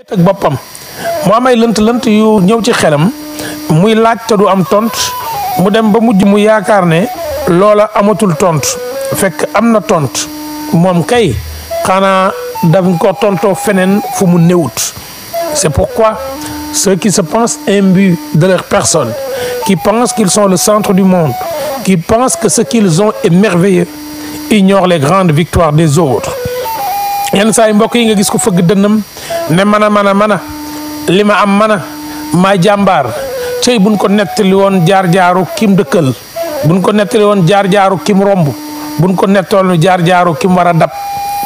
ak bopam mo am ay leunt lënt yu ñew ci xelam muy laaj te du am tont mu dem ba mujj mu yaakaar ne loola amatul tont fekk amna na tont kay xanaa daf ko tonto fenen fu mu néewut c'est pourquoi ceux qui se pensent imbus de leur personne qui pensent qu'ils sont le centre du monde qui pensent que ce qu'ils ont est merveilleux ignorent les grandes victoires des autres yenn saa yi mbokk yi nga gis ko fëgg dënnam ne mana mana mana a li ma am man maa jàmbaar buñ ko nettali woon jaar-jaaru kim dëkkal buñ ko nettali woon jaar-jaaru kim romb buñ ko nettool jaar-jaaru kim war a dab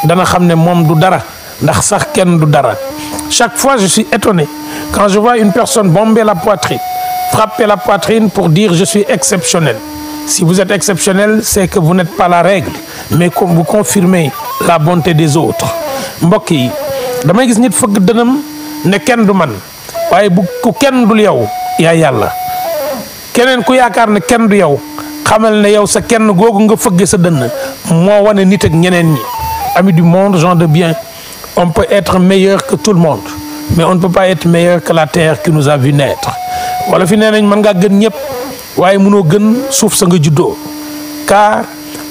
dana xam ne moom du dara ndax sax kenn du dara chaque fois je suis étonné quand je vois une personne bomber la poitrine frapper la poitrine pour dire je suis exceptionnel si vous êtes exceptionnel c'est que vous n'êtes pas la règle mais comme vous confirmez la bonté des autres mbokk yi damay gis nit fëgg deunam ne ken du man waye bu ku ken du yow ya yalla keneen ku yaakaar ne kenn du yow xamal ne yow sa ken googu nga fëgge sa deun mo wone nit ak ñeneen ñi amis du monde gens de bien on peut être meilleur que tout le monde mais on ne peut pas être meilleur que la terre qui nous a vu naître wala fi nee man nga ne gën ñep waye mëno gën suuf sa nga juddoo car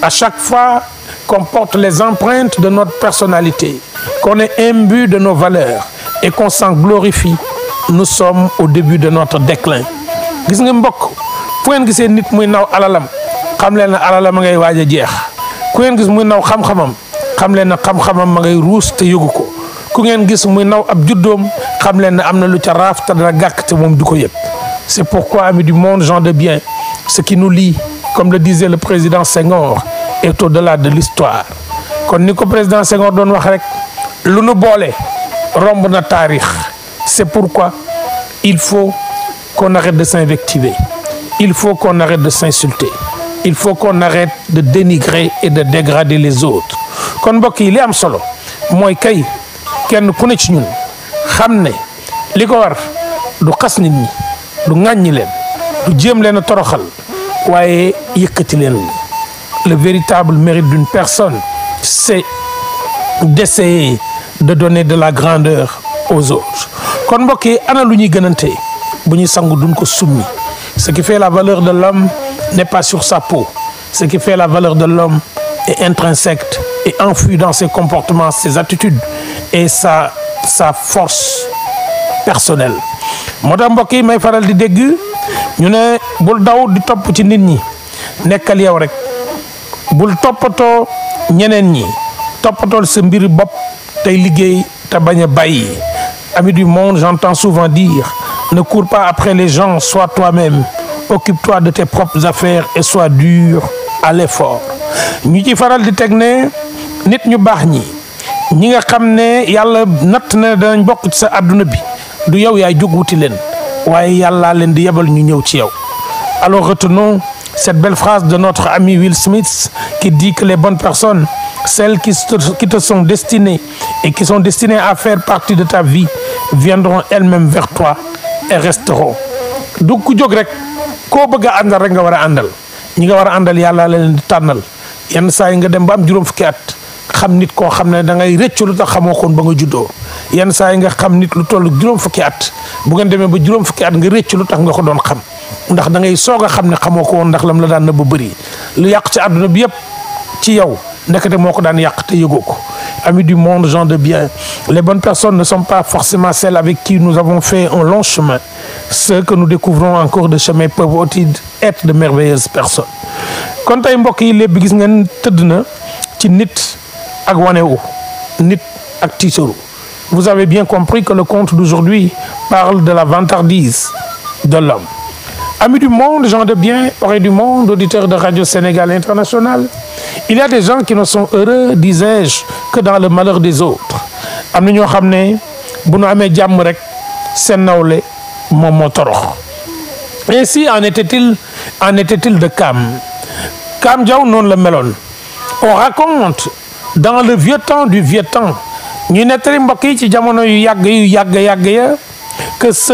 à chaque fois comporte les empreintes de notre personnalité, qu'on est imbu de nos valeurs et qu'on s'en glorifie nous sommes au début de notre déclin gis nga mbokk fu ngeen gisee nit muy naw alalam xam leen ne alalam ma ngay waaj a jeex ku ngeen gis muy naw xam-xamam xam leen ne xam-xamam ma ngay ruus te yëgu ko ku ngeen gis muy naw ab juddoom xam leen ne am na lu ca raaf te dana gàkk te moom du c'est pourquoi amis du monde gens de bien ce qui nous lie comme le disait le président Senghor est au-delà de l'histoire Quand le président Senghor doon wax rek lu nu boole romb na c'est pourquoi il faut qu'on arrête de s'invectiver il faut qu'on arrête de s'insulter il faut qu'on arrête de dénigrer et de dégrader les autres kon le président li am solo mooy kay kenn ku ne ci ñun xam ne li pas war du xas nit ñi du ŋàññi leen du jéem leen a toroxal le véritable mérite d'une personne, c'est d'essayer de donner de la grandeur aux autres. ce qui fait la valeur de l'homme n'est pas sur sa peau ce qui fait la valeur de l'homme est intrinsèque et enfui dans ses comportements ses attitudes et sa force personnelle bul topato ñeneen ñi topatol sa mbiri bop tay liggéey te bañ a ami du monde j'entends souvent dire ne cours pas après les gens sois toi-même occupe-toi de tes propres affaires et sois dur à l'effort ñu ci faral di teg ne nit ñu baax ñi ñi nga xam ne yàlla na danañ bokk ci sa àdduna bi du yow yaay jóg wuti leen waaye yàllaa leen di yebal ñu ñëw ci yow alors retenons cette belle phrase de notre ami Will Smith qui dit que les bonnes personnes, celles qui te sont destinées et qui sont destinées à faire partie de ta vie, viendront elles-mêmes vers toi et resteront. du ku jóg rek koo bëgg a àndal rek nga war a àndal ñi nga war a àndal yàlla la leen di tànnal yenn saa nga dem ba am juróom fukki xam nit ko xamne da ngay recc lu tax xamoxone ba nga juddo yenn say nga xam nit lu tollu juroom fukki at bu ngeen demee ba juroom fukki at nga recc lu tax nga ko doon xam ndax da ngay soog a xam ne xamoo woon ndax lam la daan nëbb bëri lu yàq ci àdduna bi yëpp ci yow ndekete moo ko daan yàq te yëgoo ko amis du monde gens de bien les bonnes personnes ne sont pas forcément celles avec qui nous avons fait un long chemin ceux que nous découvrons en cours de chemin peuvent aussi être de merveilleuses personnes kon tey mbokk yi lépp gis ngeen tëdd na ci nit ak wanewu nit ak tiitaru vous avez bien compris que le conte d'aujourd'hui parle de la vantardise de l'homme Amis du monde, gens de bien, oreilles du monde, auditeurs de Radio Sénégal International, il y a des gens qui ne sont heureux, disais-je, que dans le malheur des autres. am na ñoo xam ne bu ainsi en était-il en était-il de Kam Kam Diaw non le melon. on raconte dans le vieux temps du vieux temps que ce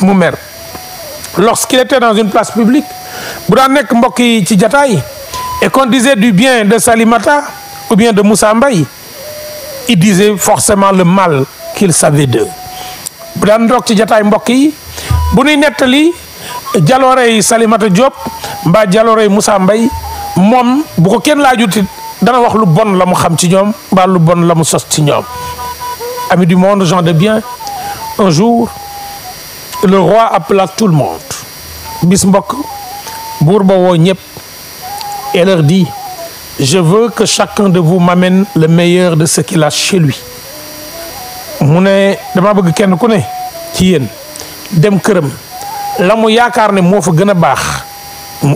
mu lorsqu'il était dans une place publique bu daan Tidjataï, et qu'on disait du bien de Salimata ou bien de Moussa il disait forcément le mal qu'il savait d'eux bu Tidjataï toog ci jataay Dialore Salimata Diop mbaa jaloorey Moussa Mbaye Mom, bu ko la dana bon la mu xam ci ba bon la mu ci ñoom ami du monde gens de bien un jour le roi appela tout le monde bis mbokk nyep, et leur dit je veux que chacun de vous m'amène le meilleur de ce qu'il a chez lui mu ne dama bëgg kenn ku ne ci est, dem këram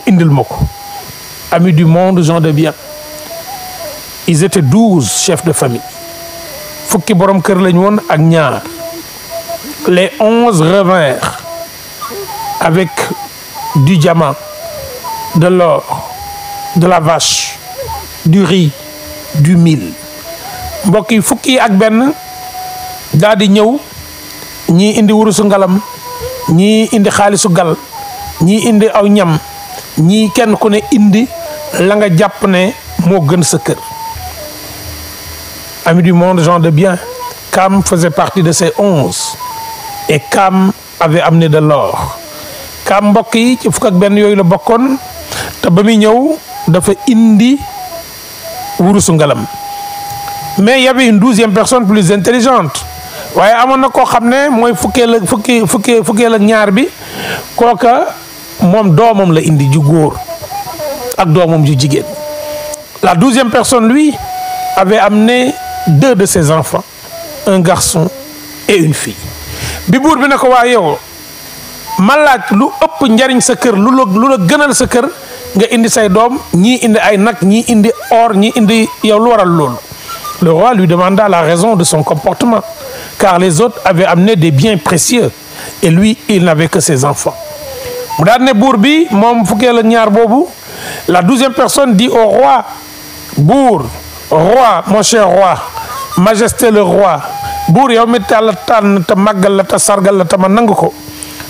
indil amis du monde gens de bien ils étaient douze chefs de famille fukki borom kër lañ woon les onze revers avec du diamant, de l'or, de la vache, du riz, du mil Mboki fuki fukki ak Ben, ni di ni indi wurusu ngalam indi Khalisugal, ni indi aw ñam ñii kenn indi amis du monde gens de bien Kam faisait partie de ces onze et Kam avait amené de l'or Kam mbokk yi ci fukk ak benn yooyu la bokkoon te ba muy ñëw dafa indi wurusu ngalam mais il y avait une douzième personne plus intelligente waaye amoon na koo xam ne mooy fukkeel ak fukki fukki fukkeel ak ñaar bi kooka moom doomam la indi ju góor ak doomam ju jigéen la douzième personne lui avait amené deux de ses enfants un garçon et une fille bi buur bi nako ko waa yow ma lu upp njariñ sa kër lu lu gënal sa kër nga indi say doom indi ay ni indi or ñi indi yow lu waral le roi lui demanda la raison de son comportement car les autres avaient amené des biens précieux et lui il n'avait que ses enfants mu Bourbi ne bour bi mom la ñaar la douzième personne dit au roi Bour, roi mon cher roi majesté le roi Bour, yow mi te magal, la te sargal la te ko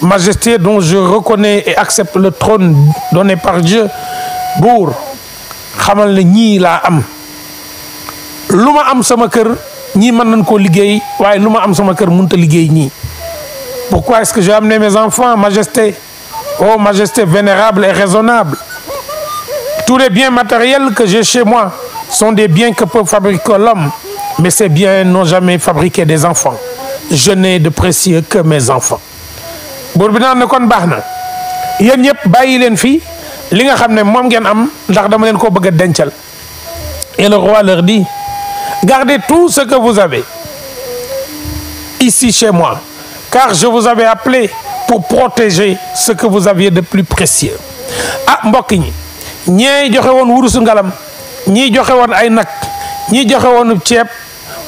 majesté dont je reconnais et accepte le trône donné par Dieu Bour, xamal Ni ñii la am Luma am sama kër ñi man nañ ko liggéey am sama kër mënut liggéey pourquoi est-ce que j'ai amené mes enfants majesté oh majesté vénérable et raisonnable tous les biens matériels que j'ai chez moi sont des biens que peut fabriquer l'homme mais ces biens n'ont jamais fabriqué des enfants. Je n'ai de précieux que mes enfants. buur ne kon pas na yéen ñëpp li nga xam mom ngeen am ndax dama len ko bëgg Et le roi leur dit gardez tout ce que vous avez ici chez moi car je vous avais appelé pour protéger ce que vous aviez de plus précieux. ah mbokk ñi ñee joxe wurusu ngalam ñi joxe ay nak ñi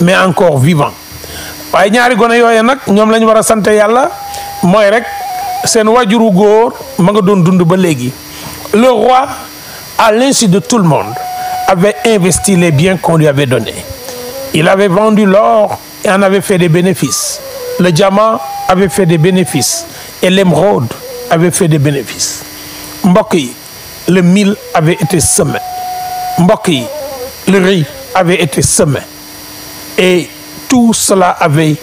mais encore vivant le roi à l'insu de tout le monde avait investi les biens qu'on lui avait donnés il avait vendu l'or et en avait fait des bénéfices le diamant avait fait des bénéfices et l'émeraude avait fait des bénéfices le mil avait été semé le riz avait été semé et tout cela avait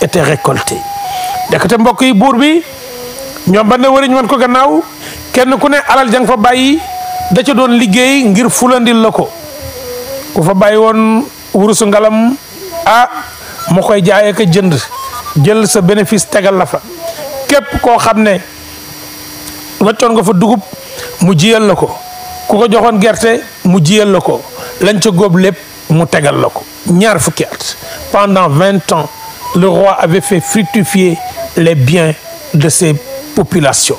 été récolté ndekete mbokk yi buur bi ñoom ba ne wëriñ wan ko gannaaw kenn ku ne alal jang fa bayyi da ca doon liggéey ngir fulandil lako ku fa bàyyi woon wurusu ngalam ah mu koy jaayee ko jënd jël sa bénéfice tégal la fa képp koo xam ne waccoon nga fa dugub mu jiyal la ko ku ko joxoon gerte mu jiyal la ko lañ ca góob lépp pendant 20 ans, le roi avait fait fructifier les biens de ses populations.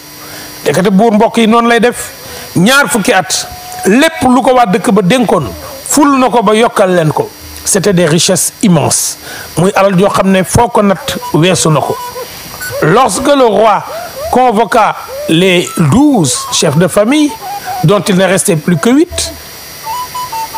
c'était des richesses immenses. Lorsque le roi convoqua les 12 chefs de famille, dont il ne restait plus que 8...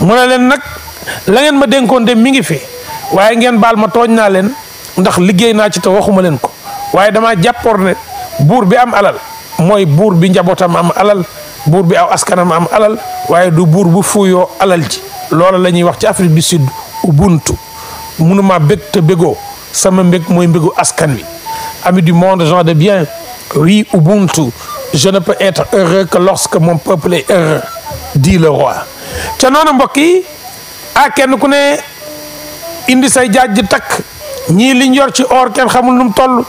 mu ne leen la ngeen ma dénkoon de mi ngi fi waaye ngeen baal ma tooñ naa leen ndax liggéey naa ci te waxuma ko ne bi am alal moy buur bi njabootam am alal buur bi aw askanam am alal waaye du buur bu fuuyoo alal ji wax ci Afrique du Sud ubuntu munuma bég te bégoo sama mbég mooy mbégu askan wi Ami du monde gens de bien oui ubuntu je ne peux être heureux que lorsque mon peuple est heureux dit le roi ca noonu mbokk yi ah kenn ku ne indi say jaaj tak ñi ñii liñ yor ci or kenn xamul nu toll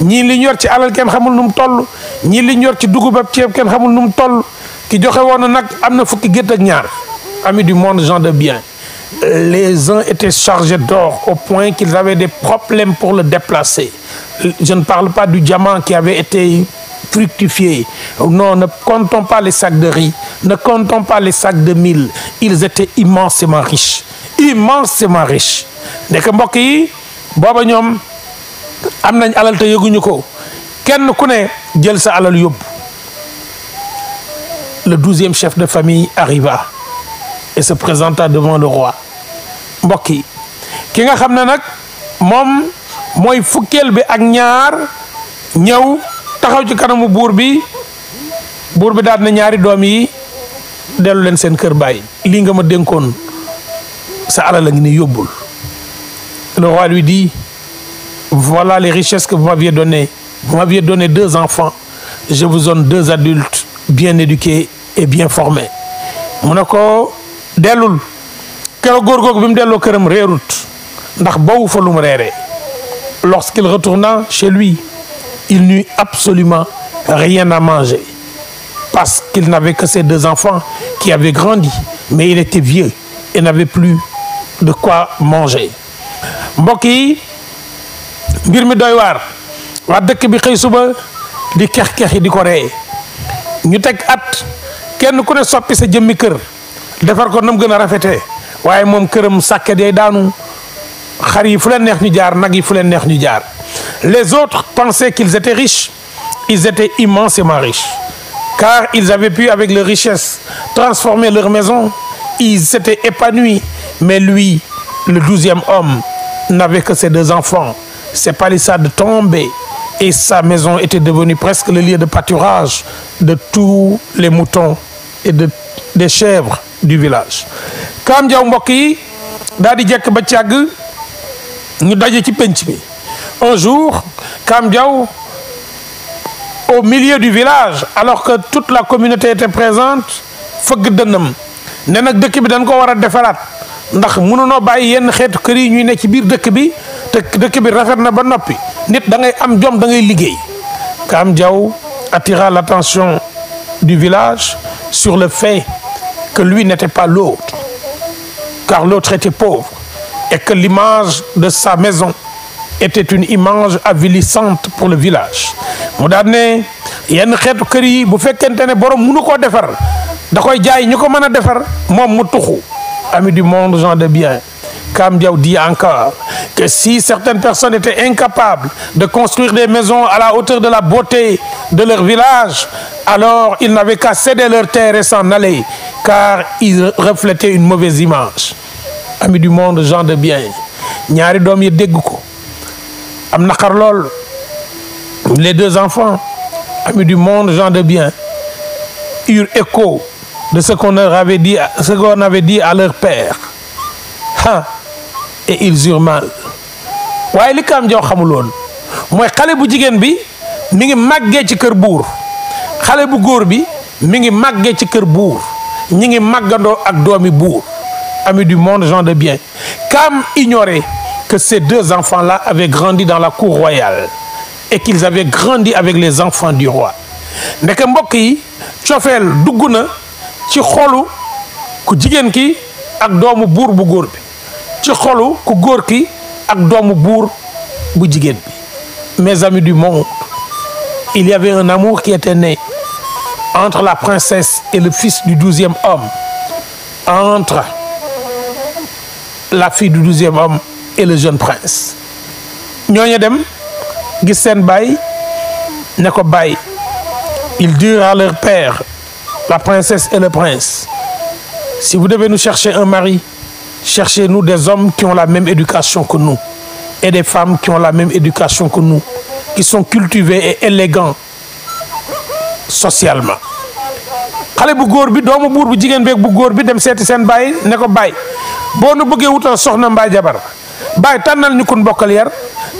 ñi liñ yor ci alal kenn xamul nu toll ñi liñ yor ci dugub ak ceeb kenn xamul nu toll ki joxe won nak amna fukki gétt ak ñaar amis du monde gens de bien les uns étaient chargés d'or au point qu'ils avaient des problèmes pour le déplacer je ne parle pas du diamant qui avait été fructifier. Non, ne comptons pas les sacs de riz, ne comptons pas les sacs de mille. Ils étaient immensément riches. Immensément riches. nekk que Mboki, booba ñoom am alal te ce ko kenn le douzième chef de famille arriva et se présenta devant le roi Mboki. kenga ki mom, Moi fukel be a taxaw ci kanamu buur bi buur bi daal na ñaari doom yi dellu leen seen kër bàyyi lii nga ma dénkoon sa alal a ngi ni yóbbul le roi lui dit voilà les richesses que vous m'aviez données vous m'aviez donné deux enfants je vous donne deux adultes bien éduqués et bien formés mu ne ko dellul keroog góor googu bi mu delloo këram réerut ndax bawu fa lu mu reeree lorsqu'il retourna chez lui il n'eut absolument rien à manger parce qu'il n'avait que ses deux enfants qui avaient grandi, mais il était vieux et n'avait plus de quoi manger. Mboki, yi doywar, wa dekk bi xëy suba di kex-kex di ko reey ñu tek at kenn ku ne soppi sa jëmmi kër defar ko nam gëna rafété waye mom kërëm këram sàkket daanu xari fu leen neex ñu jaar nag yi fu leen neex ñu jaar les autres pensaient qu'ils étaient riches. Ils étaient immensément riches. Car ils avaient pu, avec leur richesse, transformer leur maison. Ils s'étaient épanouis. Mais lui, le douzième homme, n'avait que ses deux enfants. Ses palissades tombaient et sa maison était devenue presque le lieu de pâturage de tous les moutons et des chèvres du village un jour, Kamdiaou, au milieu du village, alors que toute la communauté était présente, fëgg dënnam ne nag bi dañ ko war a defaraat ndax baye bàyyi yenn xeetu kër yi ñuy ne ci biir bi te bi na ba noppi nit da ngay am jom da attira l'attention du village sur le fait que lui n'était pas l'autre car l'autre était pauvre et que l'image de sa maison était une image avilissante pour le village Mon ami du monde gens de bien Kam dit encore que si certaines personnes étaient incapables de construire des maisons à la hauteur de la beauté de leur village, alors ils n'avaient qu'à céder leur terre et s'en aller, car ils reflétaient une mauvaise image. Amis du monde, gens de bien, ñaari yi am naqar les deux enfants amis du monde gens de bien eurent écho de ce qu'on avait dit ce qu'on avait dit à leur père ah et ils eurent mal waaye li Kaam Jaw xamul woon mooy xale bu jigéen bi mi ngi màggee ci kër bour. xale bu góor bi mi ngi màggee ci kër bour. ñi ngi magando ak doomi bour. amis du monde gens de bien kam ignorer que ces deux enfants-là avaient grandi dans la cour royale et qu'ils avaient grandi avec les enfants du roi Mais que yi Chofel, Duguna, na ci xolu ku jigéen ki ak doomu mes amis du monde il y avait un amour qui était né entre la princesse et le fils du douzième homme entre la fille du douzième homme et le jeune prince Nous, dem gis les baay ne ils durent à leur père la princesse et le prince si vous devez nous chercher un mari cherchez-nous des hommes qui ont la même éducation que nous et des femmes qui ont la même éducation que nous qui sont cultivés et élégants socialement Si bu góor bi doomu buur bu jigéen beeg bu bi dem seeti sen ne ko nu soxna mbay jabar bay tanal ñu kun bokkal yar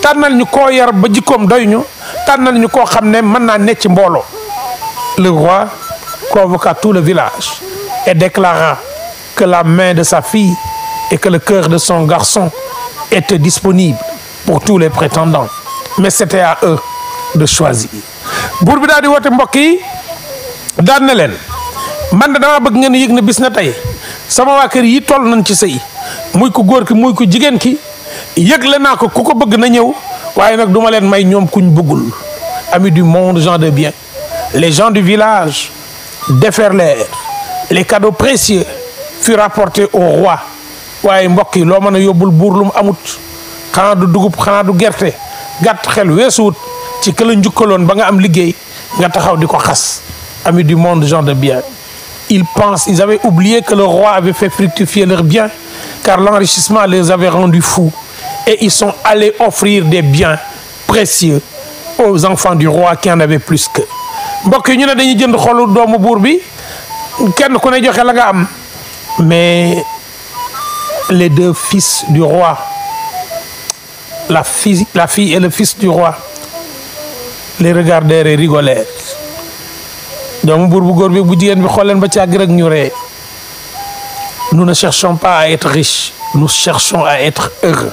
tanal ñu ko yar ba jikom doynu tanal ñu ko xamne man na necc mbolo le roi convoqua tout le village et déclara que la main de sa fille et que le cœur de son garçon étaient disponibles pour tous les prétendants mais c'était à eux de choisir buur bi daal di wote mbokk yi daan na len man de damaa bëgg ngeen yëg ne bis na tey sama wa kër yi toll nañ ci sey muy ku góor ki muy ku jigen ki yëgle ko ku wa bëgg na ñëw waaye nak du may ñom kuñ bëggul ami du monde gens de bien les gens du village déferlèrent les cadeaux précieux furent rapportés au roi wa mbokk yi loo mën amut xanaa du dugub xana du gerté gàtt xel weesuwut ci këla njukkaloon ba nga am liggéey nga taxaw diko xass ami du monde gens de bien ils pensent ils avaient oublié que le roi avait fait fructifier leurs biens car l'enrichissement les avait rendus fous et ils sont allés offrir des biens précieux aux enfants du roi qui en avaient plus que ñu jënd bi kenn la mais les deux fils du roi la fille et le fils du roi les regardèrent et rigolèrent nous ne cherchons pas à être riches nous cherchons à être heureux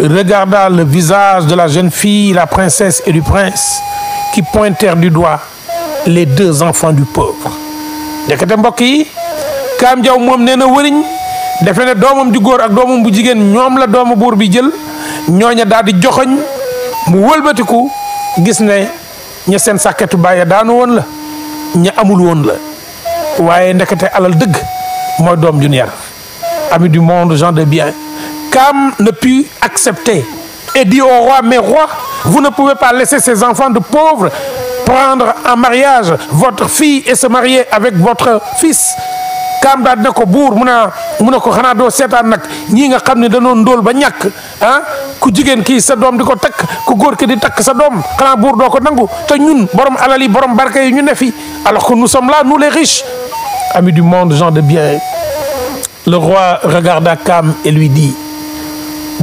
regarda le visage de la jeune fille, la princesse et du prince, qui pointèrent du doigt les deux enfants du pauvre. la ne ami du monde gens de bien Cam ne put accepter et dit au roi, mais roi, vous ne pouvez pas laisser ces enfants de pauvres prendre en mariage votre fille et se marier avec votre fils. Kam daal ne ko buur mun a mun a ko xanaa doo seetaan nag ñii nga xam ne danoo ndóol ba ah, ku te borom alali borom barke yi alors que nous sommes là nous les riches amis du monde gens de bien le roi regarda Cam et lui dit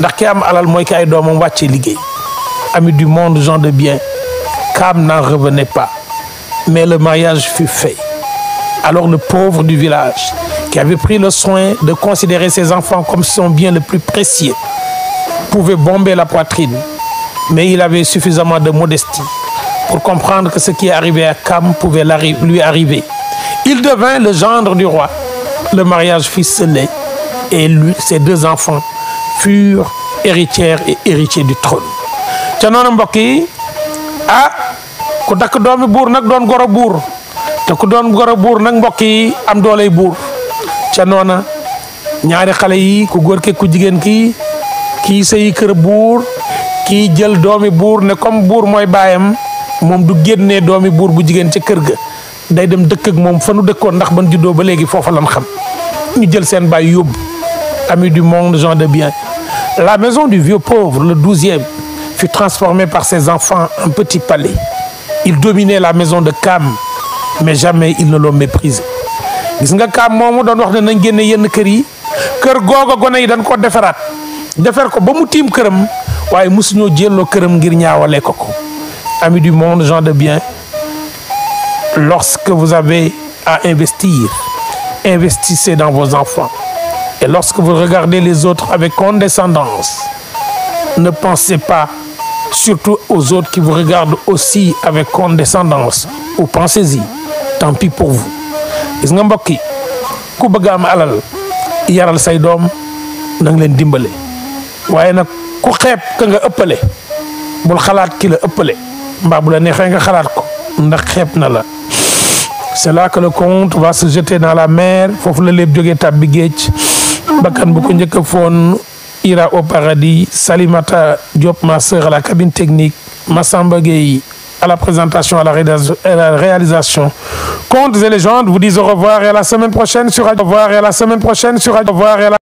ndax ki am alal mooy ki ay du monde gens de bien Kam n'en revenait pas mais le mariage fut fait alors le pauvre du village qui avait pris le soin de considérer ses enfants comme son bien le plus précieux pouvait bomber la poitrine mais il avait suffisamment de modestie pour comprendre que ce qui arrivait à Kam pouvait lui arriver. Il devint le gendre du roi. Le mariage fut scellé et lui, ses deux enfants furent héritières et héritiers du trône ca Mboki. a, yi ah ku dakk doomi buur nag doon goro bour, te ku doon goro bour nak mbokk yi am dooley bour. ca domi ñaari xale yi ku gor ke ku ki bour, ki jël doomi bour, ne comme bour moy bayam, mom du doomi bour bu jigen ci ga day dem ak mom ndax ban ba lan xam ñu jël amis du monde, gens de bien. La maison du vieux pauvre, le douzième, fut transformée par ses enfants en petit palais. Il dominait la maison de Cam, mais jamais il ne l'ont méprisé. gis nga Cam moomu doon wax de nañ génne yenn kër yi kër googa gone yi dañ ko defaraat defar ko ba mu tiim këram waaye mosuñoo jëlloo këram ngir ñaawale ko ko. amis du monde, gens de bien, lorsque vous avez à investir, investissez dans vos enfants. Et lorsque vous regardez les autres avec condescendance, ne pensez pas surtout aux autres qui vous regardent aussi avec condescendance ou pensez-y tant pis pour vous gis nga mbokk ku bëgg alal yaral say doom nang leen dimbale waaye nag ku xeeb ka nga ëppale bul xalaat ki la ëppale mbaa bu la neexee nga xalaat ko ndax xeeb na la c'est là que le comte va se jeter dans la mer foofu la léeb jógee tàbbi géej bakkan bu ko ira au paradis Salimata Diop ma à la cabine technique Massamba à la présentation à la, réalisation contes et légendes vous disent au revoir et à la semaine prochaine sur Radio au et à la semaine prochaine sur et à la